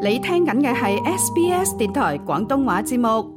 你聽緊嘅係 SBS 電台廣東話節目。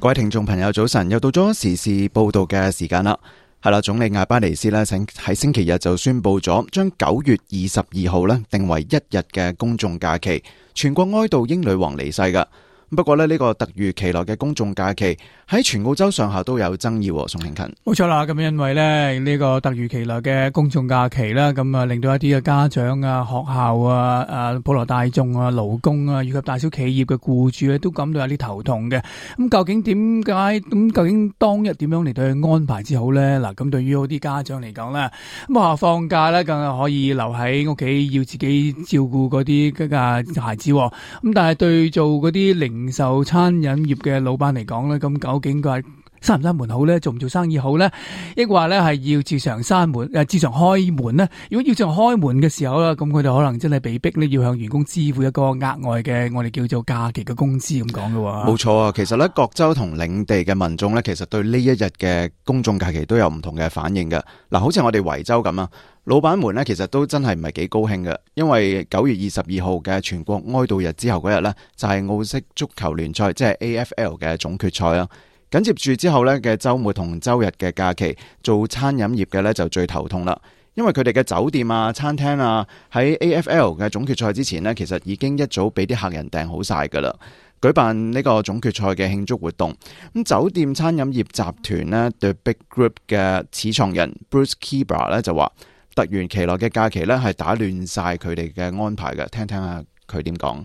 各位聽眾朋友，早晨！又到咗時事報道嘅時間啦。係啦，總理艾巴尼斯呢，喺星期日就宣佈咗，將九月二十二號呢定為一日嘅公眾假期，全國哀悼英女王離世噶。不過呢，呢個突如其來嘅公眾假期。喺全澳洲上下都有爭議，宋慶勤。冇錯啦，咁因為咧呢、呢個突如其來嘅公眾假期啦，咁啊令到一啲嘅家長啊、學校啊、啊普羅大眾啊、勞工啊，以及大小企業嘅僱主咧、啊，都感到有啲頭痛嘅。咁究竟點解？咁究竟當日點樣嚟對佢安排至好咧？嗱，咁對於有啲家長嚟講咧，咁啊放假咧梗係可以留喺屋企，要自己照顧嗰啲嘅孩子。咁但係對做嗰啲零售、餐飲業嘅老闆嚟講咧，咁久。究竟佢係閂唔閂門好咧？做唔做生意好咧？抑或咧係要照常閂門，誒照常開門咧。如果要正常開門嘅時候啦，咁佢哋可能真係被逼咧要向員工支付一個額外嘅我哋叫做假期嘅工資咁講嘅喎。冇錯啊！其實咧，各州同領地嘅民眾咧，其實對呢一日嘅公眾假期都有唔同嘅反應嘅。嗱，好似我哋維州咁啊，老闆們咧其實都真係唔係幾高興嘅，因為九月二十二號嘅全國哀悼日之後嗰日咧，就係澳式足球聯賽，即係 AFL 嘅總決賽啊。緊接住之後咧嘅周末同周日嘅假期，做餐飲業嘅咧，就最頭痛啦，因為佢哋嘅酒店啊、餐廳啊，喺 AFL 嘅總決賽之前呢，其實已經一早俾啲客人訂好晒噶啦。舉辦呢個總決賽嘅慶祝活動，咁酒店餐飲業集團呢 The Big Group 嘅始創人 Bruce Kebra 咧，就話，突如其來嘅假期咧係打亂晒佢哋嘅安排嘅，聽聽下佢點講。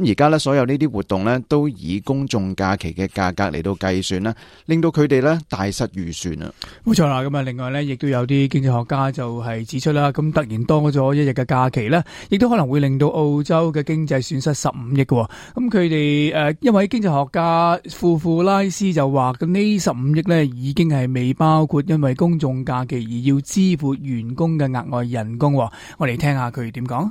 咁而家咧，所有呢啲活動咧，都以公眾假期嘅價格嚟到計算咧，令到佢哋咧大失預算啊！冇錯啦，咁啊，另外呢亦都有啲經濟學家就係指出啦，咁突然多咗一日嘅假期呢，亦都可能會令到澳洲嘅經濟損失十五億嘅。咁佢哋誒，一位經濟學家庫庫拉斯就話：咁呢十五億呢已經係未包括因為公眾假期而要支付員工嘅額外人工。我哋聽下佢點講。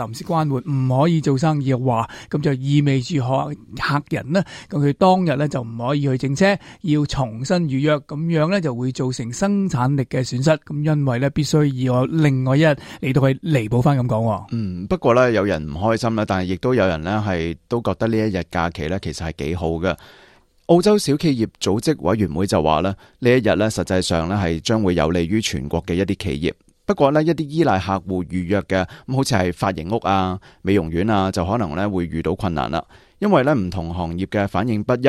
臨時關門唔可以做生意嘅話，咁就意味住可客人呢，咁佢當日呢就唔可以去整車，要重新預約，咁樣呢就會造成生產力嘅損失。咁因為呢，必須以我另外一日嚟到去彌補翻，咁講。嗯，不過呢，有人唔開心啦，但係亦都有人呢，係都覺得呢一日假期呢其實係幾好嘅。澳洲小企業組織委員會就話呢呢一日呢，實際上呢，係將會有利於全國嘅一啲企業。不過呢一啲依賴客戶預約嘅咁，好似係髮型屋啊、美容院啊，就可能咧會遇到困難啦。因為咧唔同行業嘅反應不一，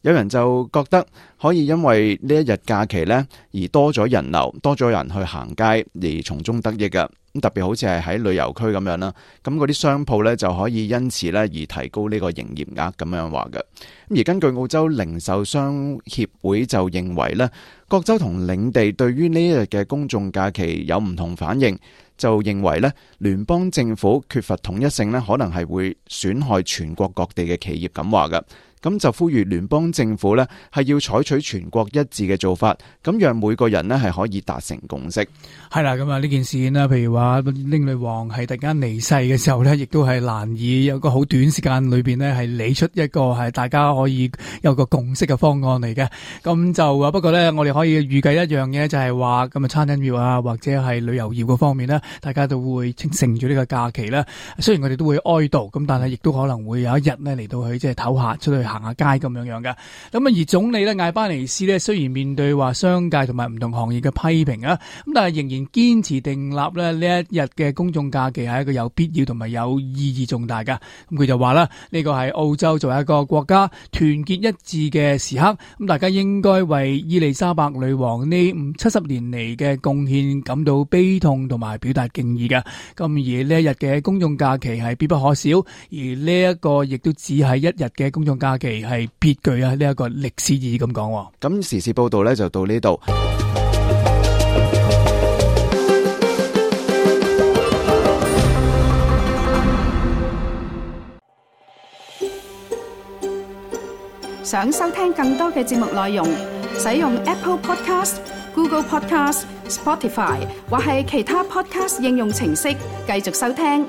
有人就覺得可以因為呢一日假期咧而多咗人流，多咗人去行街而從中得益㗎。特別好似係喺旅遊區咁樣啦，咁嗰啲商鋪咧就可以因此咧而提高呢個營業額咁樣話嘅。而根據澳洲零售商協會就認為咧，各州同領地對於呢一日嘅公眾假期有唔同反應，就認為咧聯邦政府缺乏統一性呢，可能係會損害全國各地嘅企業咁話嘅。咁就呼籲聯邦政府咧，係要採取全國一致嘅做法，咁讓每個人咧係可以達成共識。係啦，咁啊呢件事咧，譬如話英女王係突然間離世嘅時候咧，亦都係難以有個好短時間裏邊咧係理出一個係大家可以有個共識嘅方案嚟嘅。咁就啊，不過咧我哋可以預計一樣嘢就係話，咁啊餐飲業啊或者係旅遊業嘅方面咧，大家都會趁住呢個假期啦。雖然我哋都會哀悼，咁但係亦都可能會有一日咧嚟到去即係唞下出去。行下街咁樣樣㗎，咁啊而總理呢，艾巴尼斯呢，雖然面對話商界同埋唔同行業嘅批評啊，咁但係仍然堅持訂立呢一日嘅公眾假期係一個有必要同埋有意義重大㗎。咁佢就話啦，呢、這個係澳洲作為一個國家團結一致嘅時刻，咁大家應該為伊麗莎白女王呢五七十年嚟嘅貢獻感到悲痛同埋表達敬意㗎。咁而呢一日嘅公眾假期係必不可少，而呢一個亦都只係一日嘅公眾假。假期係別具啊！呢、這、一個歷史意義咁講。咁時事報道咧就到呢度。想收聽更多嘅節目內容，使用 Apple Podcast、Google Podcast、Spotify 或係其他 Podcast 應用程式，繼續收聽。